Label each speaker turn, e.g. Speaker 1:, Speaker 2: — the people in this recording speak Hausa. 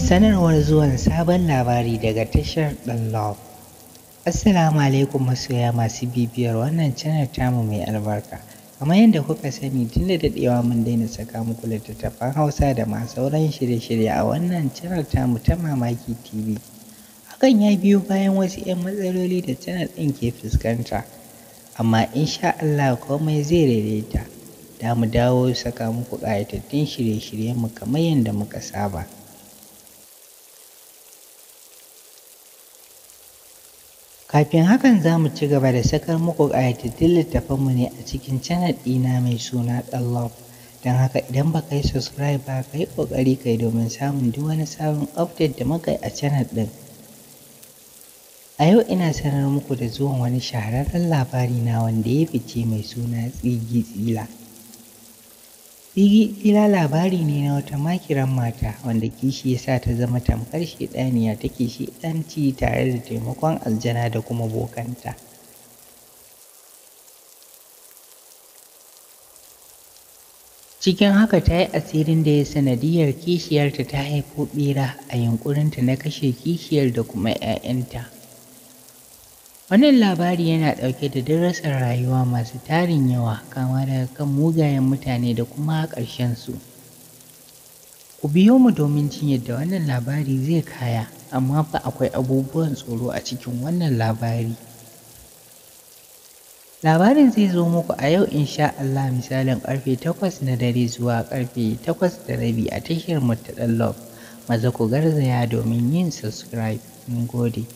Speaker 1: Sanarwar zuwan sabon labari daga tashar ɗan Love. Assalamu alaikum masoya masu bibiyar wannan canar tamu mai albarka. Kamar yadda kuka sani tun da daɗewa mun daina saka muku littattafan Hausa da ma sauran shirye-shirye a wannan canar tamu ta Mamaki TV. Hakan ya biyo bayan wasu 'yan matsaloli da canar ɗin ke fuskanta. Amma insha Allah komai zai daidaita. za mu dawo saka muku ƙayatattun shirye-shiryenmu kamar yadda muka saba. Kafin hakan za mu ci gaba da sakar muku ƙayatattun littafanmu ne a cikin canal ɗina mai suna Ɗanlove. Don haka idan ba ka yi subscribe ba ka yi ƙoƙari ka yi domin samun duk wani sabon update da muka yi a canal ɗin. A yau ina sanar muku da zuwan wani shahararren labari na wanda ya fice mai suna Tsigi Tsila. Igi ila labari ne na wata makiran mata wanda kishi ya sa ta zama tamkar shaidaniya ta kishi ci tare da taimakon aljana da kuma bokanta. Cikin haka ta yi asirin da ya sanadiyar kishiyarta ta haifo ɓera a yunƙurinta na kashe kishiyar da kuma ‘ya'yanta. Wannan labari yana ɗauke da darasin rayuwa masu tarin yawa kama daga kan mugayen mutane da kuma su. Ku biyo mu domin jin yadda wannan labari zai kaya, amma fa akwai abubuwan tsoro a cikin wannan labari. Labarin zai zo muku a yau insha Allah misalin ƙarfe takwas na dare zuwa ƙarfe takwas da rabi a tashar mu ta Maza ku garzaya domin yin subscribe. Mun gode.